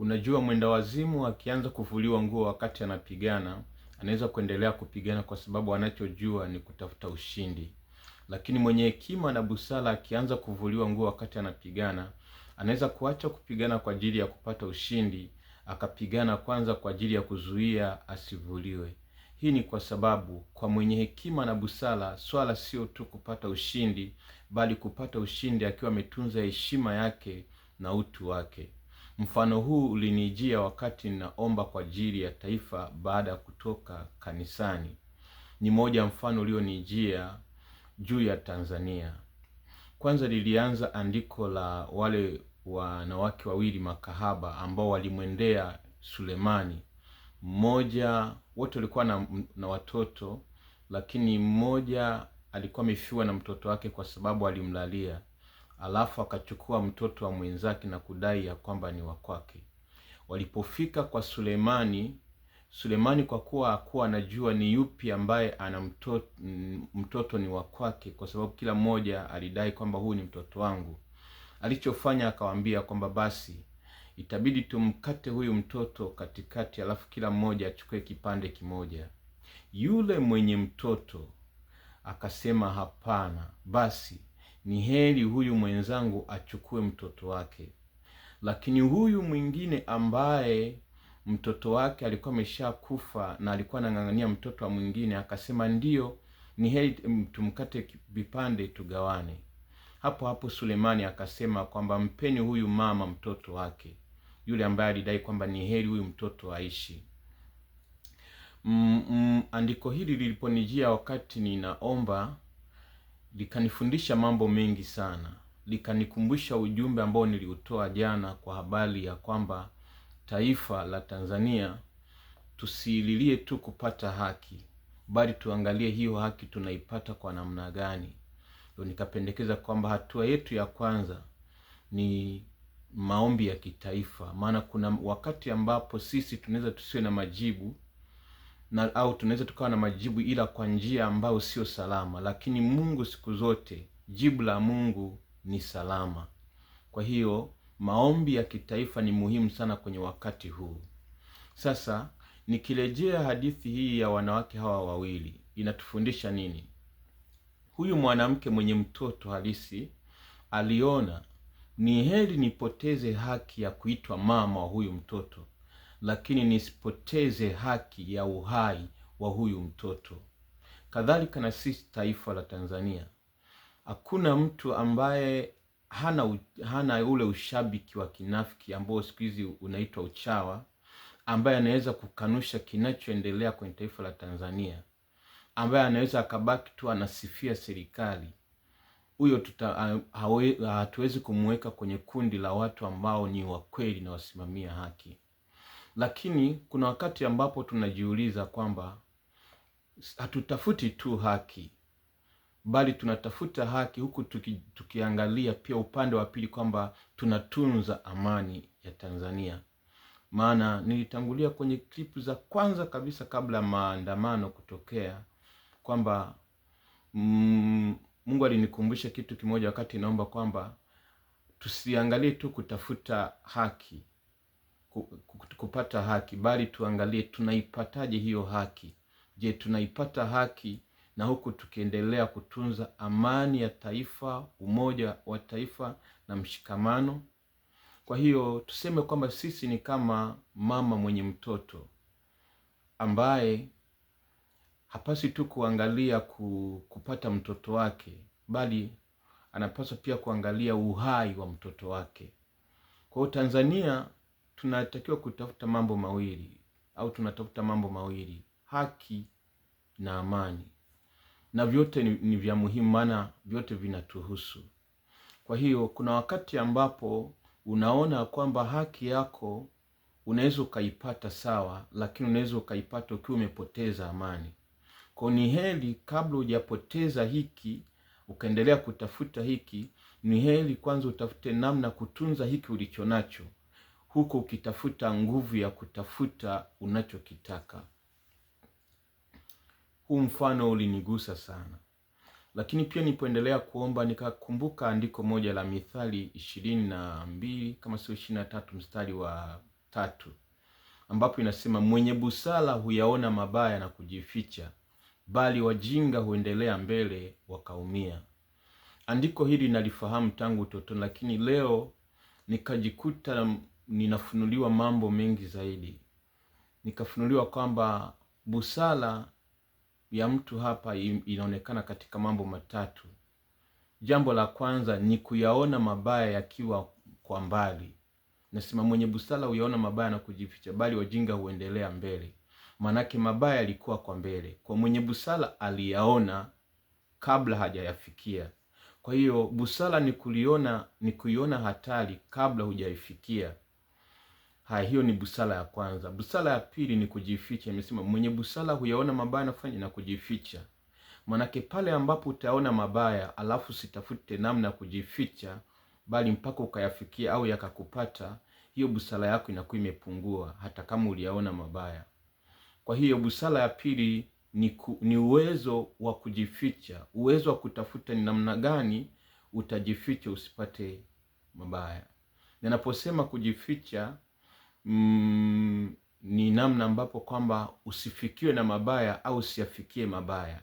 Unajua, mwenda wazimu akianza kuvuliwa nguo wakati anapigana, anaweza kuendelea kupigana kwa sababu anachojua ni kutafuta ushindi. Lakini mwenye hekima na busara akianza kuvuliwa nguo wakati anapigana, anaweza kuacha kupigana kwa ajili ya kupata ushindi, akapigana kwanza kwa ajili ya kuzuia asivuliwe. Hii ni kwa sababu kwa mwenye hekima na busara, swala sio tu kupata ushindi, bali kupata ushindi akiwa ametunza heshima yake na utu wake. Mfano huu ulinijia wakati ninaomba kwa ajili ya taifa baada ya kutoka kanisani. Ni moja mfano ulionijia juu ya Tanzania. Kwanza lilianza andiko la wale wanawake wawili makahaba ambao walimwendea Sulemani. Mmoja, wote walikuwa na, na watoto, lakini mmoja alikuwa amefiwa na mtoto wake kwa sababu alimlalia alafu akachukua mtoto wa mwenzake na kudai ya kwamba ni wa kwake. Walipofika kwa Sulemani, Sulemani kwa kuwa hakuwa anajua ni yupi ambaye ana mtoto, mtoto ni wa kwake, kwa sababu kila mmoja alidai kwamba huyu ni mtoto wangu. Alichofanya akawaambia kwamba basi itabidi tumkate huyu mtoto katikati, alafu kila mmoja achukue kipande kimoja. Yule mwenye mtoto akasema hapana, basi ni heri huyu mwenzangu achukue mtoto wake. Lakini huyu mwingine ambaye mtoto wake alikuwa ameshakufa na alikuwa anang'ang'ania mtoto wa mwingine, akasema ndiyo, ni heri tumkate vipande tugawane. Hapo hapo Sulemani akasema kwamba mpeni huyu mama mtoto wake, yule ambaye alidai kwamba ni heri huyu mtoto aishi. Mm, mm, andiko hili liliponijia wakati ninaomba likanifundisha mambo mengi sana, likanikumbusha ujumbe ambao niliutoa jana kwa habari ya kwamba taifa la Tanzania tusiililie tu kupata haki, bali tuangalie hiyo haki tunaipata kwa namna gani. Ndio nikapendekeza kwamba hatua yetu ya kwanza ni maombi ya kitaifa, maana kuna wakati ambapo sisi tunaweza tusiwe na majibu na au tunaweza tukawa na majibu ila kwa njia ambayo sio salama, lakini Mungu siku zote, jibu la Mungu ni salama. Kwa hiyo maombi ya kitaifa ni muhimu sana kwenye wakati huu. Sasa nikirejea hadithi hii ya wanawake hawa wawili inatufundisha nini? Huyu mwanamke mwenye mtoto halisi aliona ni heri nipoteze haki ya kuitwa mama wa huyu mtoto lakini nisipoteze haki ya uhai wa huyu mtoto. Kadhalika na sisi taifa la Tanzania, hakuna mtu ambaye hana, hana ule ushabiki wa kinafiki ambao siku hizi unaitwa uchawa, ambaye anaweza kukanusha kinachoendelea kwenye taifa la Tanzania, ambaye anaweza akabaki tu anasifia serikali. Huyo hatuwezi kumuweka kwenye kundi la watu ambao ni wakweli na wasimamia haki. Lakini kuna wakati ambapo tunajiuliza kwamba hatutafuti tu haki, bali tunatafuta haki huku tuki, tukiangalia pia upande wa pili kwamba tunatunza amani ya Tanzania. Maana nilitangulia kwenye klipu za kwanza kabisa kabla maandamano kutokea kwamba mm, Mungu alinikumbusha kitu kimoja wakati inaomba kwamba tusiangalie tu kutafuta haki kupata haki, bali tuangalie tunaipataje hiyo haki. Je, tunaipata haki na huku tukiendelea kutunza amani ya taifa, umoja wa taifa na mshikamano? Kwa hiyo tuseme kwamba sisi ni kama mama mwenye mtoto ambaye hapasi tu kuangalia kupata mtoto wake, bali anapaswa pia kuangalia uhai wa mtoto wake. Kwa hiyo Tanzania tunatakiwa kutafuta mambo mawili au tunatafuta mambo mawili, haki na amani, na vyote ni, ni vya muhimu, maana vyote vinatuhusu. Kwa hiyo kuna wakati ambapo unaona kwamba haki yako unaweza ukaipata sawa, lakini unaweza ukaipata ukiwa umepoteza amani. Kwa ni heri kabla hujapoteza hiki ukaendelea kutafuta hiki, ni heri kwanza utafute namna kutunza hiki ulicho nacho huku ukitafuta nguvu ya kutafuta unachokitaka. Huu mfano ulinigusa sana, lakini pia nipoendelea kuomba nikakumbuka andiko moja la Mithali ishirini na mbili kama sio ishirini na tatu mstari wa tatu ambapo inasema, mwenye busara huyaona mabaya na kujificha, bali wajinga huendelea mbele wakaumia. Andiko hili nalifahamu tangu utotoni, lakini leo nikajikuta ninafunuliwa mambo mengi zaidi. Nikafunuliwa kwamba busara ya mtu hapa inaonekana katika mambo matatu. Jambo la kwanza ni kuyaona mabaya yakiwa kwa mbali. Nasema mwenye busara huyaona mabaya na kujificha, bali wajinga huendelea mbele. Maanake mabaya yalikuwa kwa mbele, kwa mwenye busara aliyaona kabla hajayafikia. Kwa hiyo busara ni kuliona, ni kuiona hatari kabla hujaifikia. Haya, hiyo ni busara ya kwanza. Busara ya pili ni kujificha. Imesema mwenye busara huyaona mabaya nafanya na kujificha. Manake pale ambapo utaona mabaya alafu sitafute namna ya kujificha, bali mpaka ukayafikia au yakakupata, hiyo busara yako inakuwa imepungua, hata kama uliyaona mabaya. Kwa hiyo busara ya pili ni, ku, ni uwezo wa kujificha, uwezo wa kutafuta ni namna gani utajificha usipate mabaya. Ninaposema kujificha mm, ni namna ambapo kwamba usifikiwe na mabaya au usiyafikie mabaya.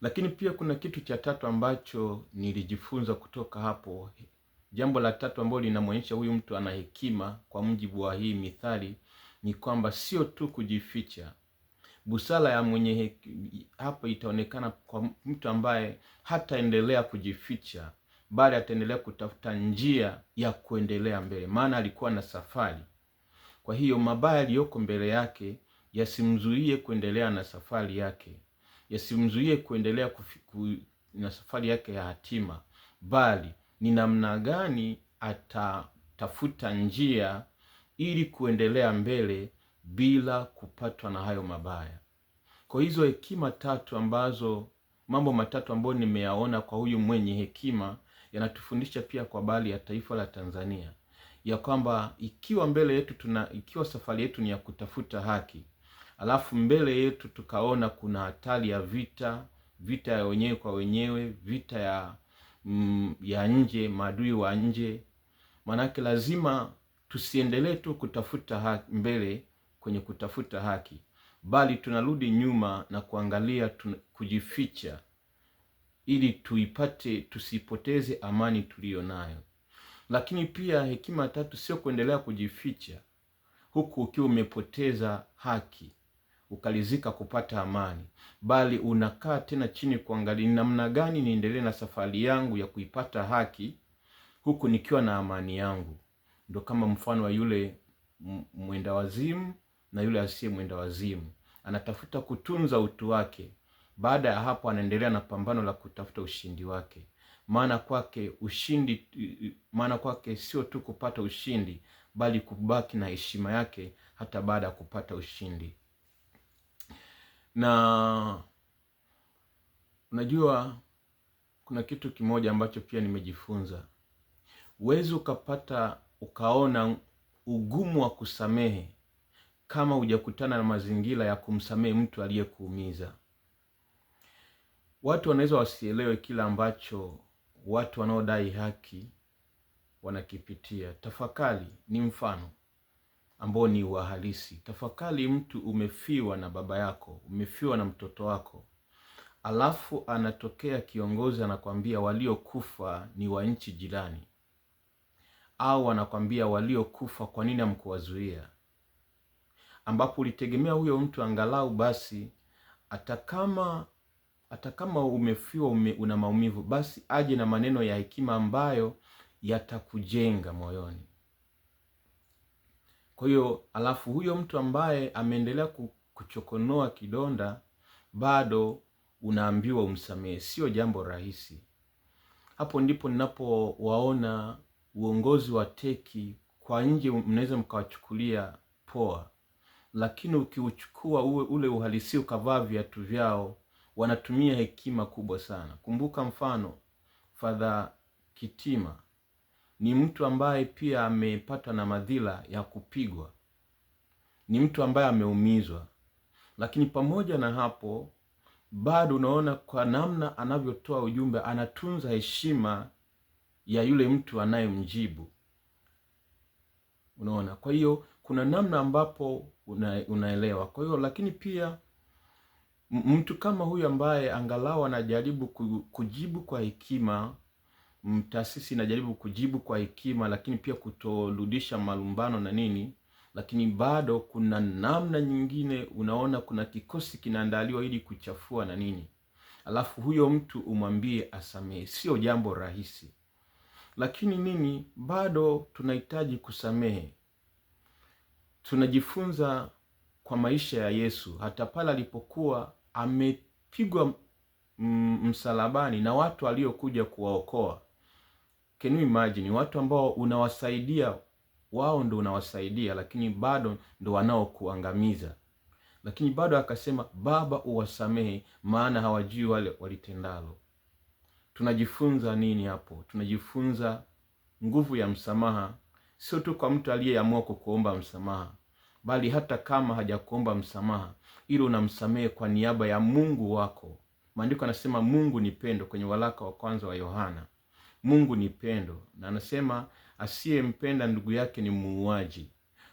Lakini pia kuna kitu cha tatu ambacho nilijifunza kutoka hapo. Jambo la tatu ambalo linamwonyesha huyu mtu ana hekima kwa mujibu wa hii mithali ni kwamba sio tu kujificha. Busara ya mwenye hekima hapo itaonekana kwa mtu ambaye hataendelea kujificha, bali ataendelea kutafuta njia ya kuendelea mbele, maana alikuwa na safari. Kwa hiyo mabaya yaliyoko mbele yake yasimzuie kuendelea na safari yake, yasimzuie kuendelea kufiku, na safari yake ya hatima, bali ni namna gani atatafuta njia ili kuendelea mbele bila kupatwa na hayo mabaya. Kwa hizo hekima tatu ambazo mambo matatu ambayo nimeyaona kwa huyu mwenye hekima yanatufundisha pia kwa bali ya taifa la Tanzania ya kwamba ikiwa mbele yetu tuna, ikiwa safari yetu ni ya kutafuta haki, alafu mbele yetu tukaona kuna hatari ya vita, vita ya wenyewe kwa wenyewe, vita ya mm, ya nje, maadui wa nje, maanake lazima tusiendelee tu kutafuta haki, mbele kwenye kutafuta haki, bali tunarudi nyuma na kuangalia tun, kujificha ili tuipate, tusipoteze amani tuliyo nayo. Lakini pia hekima tatu, sio kuendelea kujificha huku ukiwa umepoteza haki ukalizika kupata amani, bali unakaa tena chini kuangalia ni namna gani niendelee na safari yangu ya kuipata haki huku nikiwa na amani yangu. Ndo kama mfano wa yule mwenda wazimu na yule asiye mwenda wazimu, anatafuta kutunza utu wake baada ya hapo, anaendelea na pambano la kutafuta ushindi wake, maana kwake ushindi, maana kwake sio tu kupata ushindi, bali kubaki na heshima yake hata baada ya kupata ushindi. Na unajua kuna kitu kimoja ambacho pia nimejifunza, huwezi ukapata ukaona ugumu wa kusamehe kama hujakutana na mazingira ya kumsamehe mtu aliyekuumiza. Watu wanaweza wasielewe kila ambacho watu wanaodai haki wanakipitia. Tafakari ni mfano ambao ni wahalisi. Tafakari, mtu umefiwa na baba yako, umefiwa na mtoto wako, alafu anatokea kiongozi anakwambia waliokufa ni wa nchi jirani, au anakwambia waliokufa kwa nini hamkuwazuia, ambapo ulitegemea huyo mtu angalau basi hata kama hata kama umefiwa ume, una maumivu, basi aje na maneno ya hekima ambayo yatakujenga moyoni. Kwa hiyo alafu huyo mtu ambaye ameendelea kuchokonoa kidonda bado unaambiwa umsamehe. Sio jambo rahisi. Hapo ndipo ninapowaona uongozi wa teki kwa nje, mnaweza mkawachukulia poa, lakini ukiuchukua ule uhalisia ukavaa viatu vyao, wanatumia hekima kubwa sana. Kumbuka mfano Fadha Kitima ni mtu ambaye pia amepatwa na madhila ya kupigwa, ni mtu ambaye ameumizwa, lakini pamoja na hapo bado unaona kwa namna anavyotoa ujumbe, anatunza heshima ya yule mtu anayemjibu. Unaona, kwa hiyo kuna namna ambapo una, unaelewa. Kwa hiyo lakini pia mtu kama huyu ambaye angalau anajaribu kujibu kwa hekima, mtasisi mm, inajaribu kujibu kwa hekima, lakini pia kutorudisha malumbano na nini, lakini bado kuna namna nyingine, unaona kuna kikosi kinaandaliwa ili kuchafua na nini, alafu huyo mtu umwambie asamehe, sio jambo rahisi. Lakini nini, bado tunahitaji kusamehe. Tunajifunza kwa maisha ya Yesu, hata pale alipokuwa amepigwa msalabani na watu aliokuja kuwaokoa. Can you imagine? Watu ambao unawasaidia wao ndo unawasaidia, lakini bado ndo wanaokuangamiza. Lakini bado akasema, Baba uwasamehe, maana hawajui wale walitendalo. Tunajifunza nini hapo? Tunajifunza nguvu ya msamaha, sio tu kwa mtu aliyeamua kukuomba msamaha, bali hata kama hajakuomba msamaha, ili unamsamehe kwa niaba ya Mungu wako. Maandiko anasema Mungu ni pendo, kwenye waraka wa kwanza wa Yohana. Mungu ni pendo, na anasema asiyempenda ndugu yake ni muuaji.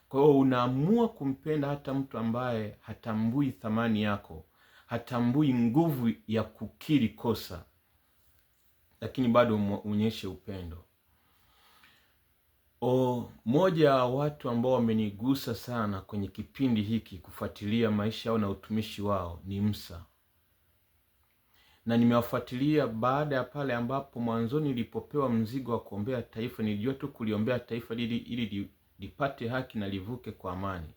Kwa hiyo unaamua kumpenda hata mtu ambaye hatambui thamani yako, hatambui nguvu ya kukiri kosa, lakini bado unyeshe upendo. O, moja ya watu ambao wamenigusa sana kwenye kipindi hiki kufuatilia maisha yao na utumishi wao ni Musa, na nimewafuatilia baada ya pale ambapo mwanzoni nilipopewa mzigo wa kuombea taifa, nilijua tu kuliombea taifa ili lipate haki na livuke kwa amani,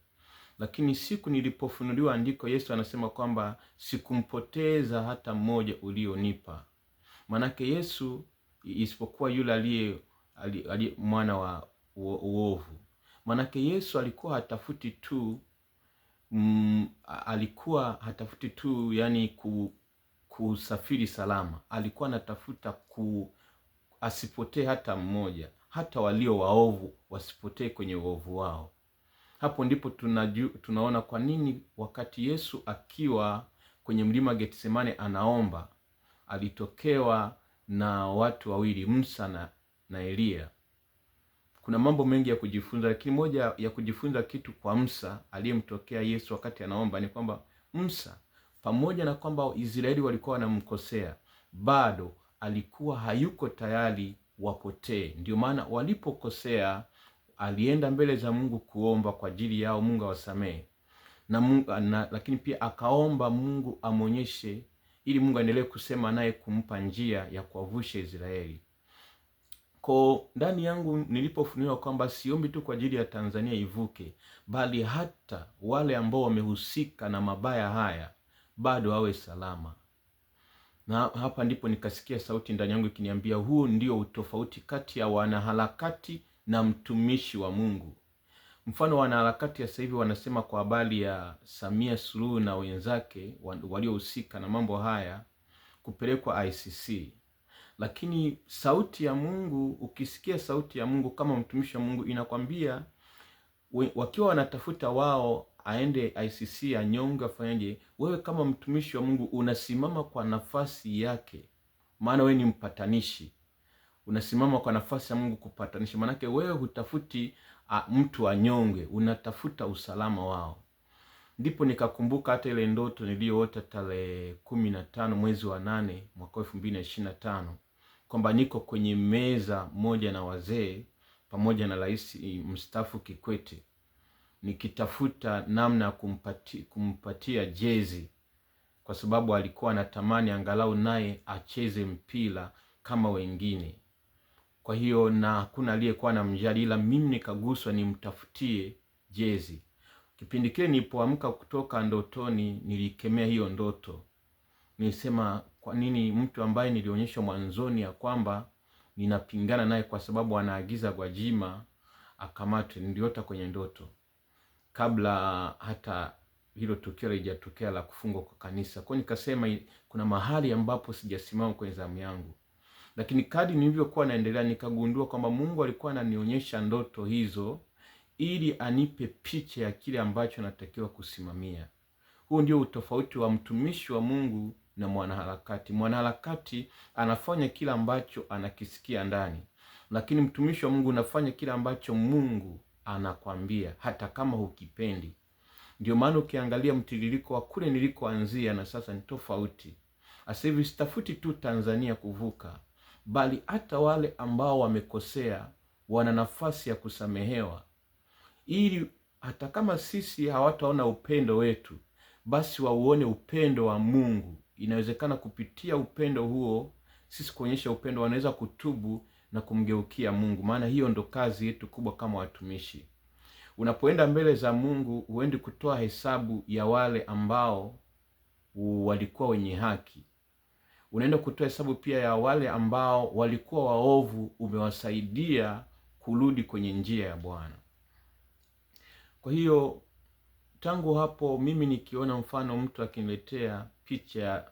lakini siku nilipofunuliwa andiko, Yesu anasema kwamba sikumpoteza hata mmoja ulionipa. Manake Yesu isipokuwa yule aliye mwana wa uovu. manake Yesu alikuwa hatafuti tu mm, alikuwa hatafuti tu yani ku, kusafiri salama, alikuwa anatafuta ku asipotee hata mmoja, hata walio waovu wasipotee kwenye uovu wao. Hapo ndipo tunaju, tunaona kwa nini wakati Yesu akiwa kwenye mlima Getsemane anaomba alitokewa na watu wawili Musa na, na Eliya kuna mambo mengi ya kujifunza, lakini moja ya kujifunza kitu kwa Musa aliyemtokea Yesu wakati anaomba ni kwamba Musa pamoja na kwamba Israeli walikuwa wanamkosea, bado alikuwa hayuko tayari wapotee. Ndio maana walipokosea, alienda mbele za Mungu kuomba kwa ajili yao, Mungu awasamehe na na, lakini pia akaomba Mungu amwonyeshe, ili Mungu aendelee kusema naye kumpa njia ya kuwavusha Israeli. Kwa ndani yangu nilipofunuliwa kwamba siombi tu kwa ajili ya Tanzania ivuke, bali hata wale ambao wamehusika na mabaya haya bado awe salama. Na hapa ndipo nikasikia sauti ndani yangu ikiniambia, huu ndio utofauti kati ya wanaharakati na mtumishi wa Mungu. Mfano, wanaharakati sasa hivi wanasema kwa habari ya Samia Suluhu na wenzake waliohusika na mambo haya kupelekwa ICC lakini sauti ya Mungu, ukisikia sauti ya Mungu kama mtumishi wa Mungu inakwambia, wakiwa wanatafuta wao aende ICC anyonge, afanyaje, wewe kama mtumishi wa Mungu unasimama kwa nafasi yake, maana wewe ni mpatanishi unasimama kwa nafasi ya Mungu kupatanisha. Maanake wewe hutafuti a, mtu anyonge, unatafuta usalama wao. Ndipo nikakumbuka hata ile ndoto niliyoota tarehe kumi na tano mwezi wa nane mwaka elfu mbili na ishirini na tano kwamba niko kwenye meza moja na wazee pamoja na rais eh, mstaafu Kikwete nikitafuta namna ya kumpati, kumpatia jezi kwa sababu alikuwa anatamani angalau naye acheze mpira kama wengine. Kwa hiyo na hakuna aliyekuwa na mjali, ila mimi nikaguswa nimtafutie jezi. Kipindi kile nilipoamka kutoka ndotoni, nilikemea hiyo ndoto, nilisema kwa nini mtu ambaye nilionyeshwa mwanzoni ya kwamba ninapingana naye kwa sababu anaagiza Gwajima akamatwe, niliota kwenye ndoto kabla hata hilo tukio lijatokea la kufungwa kwa kanisa. Kwa nikasema kuna mahali ambapo sijasimama kwenye zamu yangu, lakini kadri nilivyokuwa naendelea nikagundua kwamba Mungu alikuwa ananionyesha ndoto hizo ili anipe picha ya kile ambacho natakiwa kusimamia. Huu ndio utofauti wa mtumishi wa Mungu na mwanaharakati. Mwanaharakati anafanya kila ambacho anakisikia ndani, lakini mtumishi wa Mungu unafanya kila ambacho Mungu anakwambia hata kama hukipendi. Ndio maana ukiangalia mtiririko wa kule nilikoanzia na sasa ni tofauti. Sasa hivi sitafuti tu Tanzania kuvuka, bali hata wale ambao wamekosea wana nafasi ya kusamehewa, ili hata kama sisi hawataona upendo wetu, basi wauone upendo wa Mungu inawezekana kupitia upendo huo, sisi kuonyesha upendo, wanaweza kutubu na kumgeukia Mungu, maana hiyo ndo kazi yetu kubwa kama watumishi. Unapoenda mbele za Mungu huendi kutoa hesabu ya wale ambao walikuwa wenye haki, unaenda kutoa hesabu pia ya wale ambao walikuwa waovu, umewasaidia kurudi kwenye njia ya Bwana. Kwa hiyo tangu hapo mimi nikiona mfano mtu akiniletea picha